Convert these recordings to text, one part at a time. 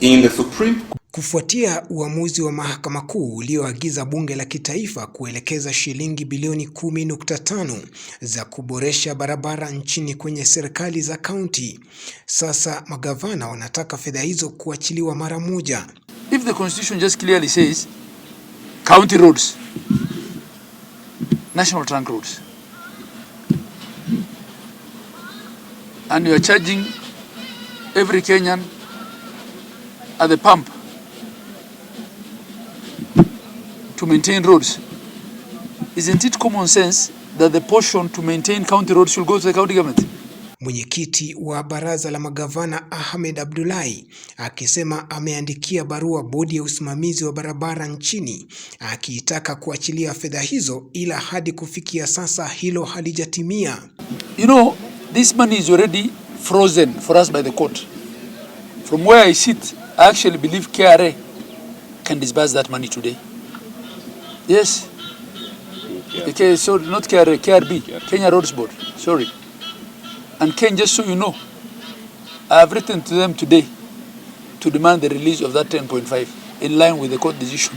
In the Supreme... Kufuatia uamuzi wa Mahakama Kuu ulioagiza Bunge la Kitaifa kuelekeza shilingi bilioni 10.5 za kuboresha barabara nchini kwenye serikali za kaunti, sasa magavana wanataka fedha hizo kuachiliwa mara moja. If the constitution just clearly says county roads, national trunk roads and you are charging every Kenyan at the pump to maintain roads. Isn't it common sense that the portion to maintain county roads should go to the county government? Mwenyekiti wa baraza la magavana Ahmed Abdullahi akisema ameandikia barua bodi ya usimamizi wa barabara nchini akiitaka kuachilia fedha hizo, ila hadi kufikia sasa hilo halijatimia. You know, this money is already frozen for us by the court. From where I sit I actually believe KRA can disburse that money today. Yes. Okay, so not KRA, KRB, Kenya Roads Board, sorry. And Ken, just so you know, I have written to them today to demand the release of that 10.5 in line with the court decision.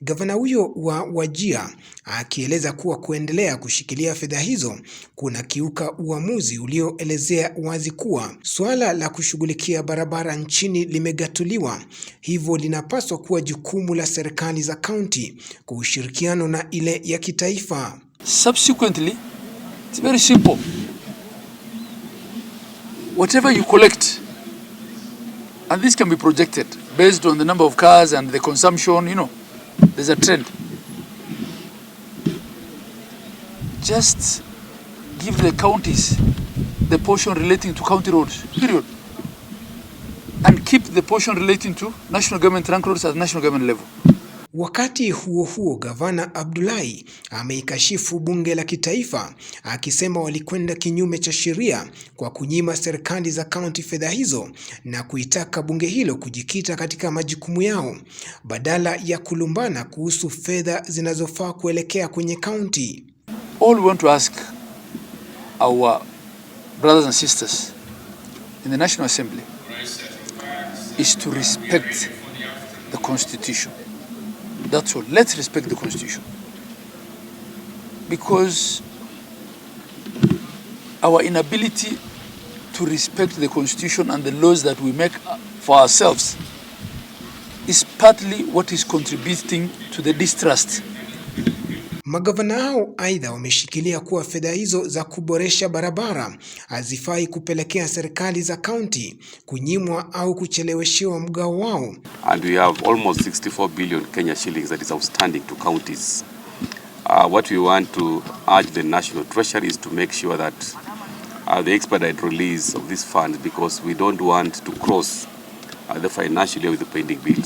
Gavana huyo wa Wajir akieleza kuwa kuendelea kushikilia fedha hizo kuna kiuka uamuzi ulioelezea wazi kuwa suala la kushughulikia barabara nchini limegatuliwa, hivyo linapaswa kuwa jukumu la serikali za kaunti kwa ushirikiano na ile ya kitaifa. Subsequently, it's very simple. Whatever you collect and this can be projected based on the number of cars and the consumption, you know. There's a trend. Just give the counties the portion relating to county roads, period. And keep the portion relating to national government rank roads at national government level. Wakati huo huo, gavana Abdullahi ameikashifu bunge la kitaifa akisema walikwenda kinyume cha sheria kwa kunyima serikali za kaunti fedha hizo na kuitaka bunge hilo kujikita katika majukumu yao badala ya kulumbana kuhusu fedha zinazofaa kuelekea kwenye kaunti. All we want to ask our brothers and sisters in the National Assembly is to respect the constitution. That's all. Let's respect the constitution. Because our inability to respect the constitution and the laws that we make uh, for ourselves is partly what is contributing to the distrust Magavana hao aidha wameshikilia kuwa fedha hizo za kuboresha barabara hazifai kupelekea serikali za kaunti kunyimwa au kucheleweshewa mgao wao. And we have almost 64 billion Kenya shillings that is outstanding to counties. Uh, what we want to urge the National Treasury is to make sure that uh, the expedite release of these funds because we don't want to cross uh, the financial year with the pending bills.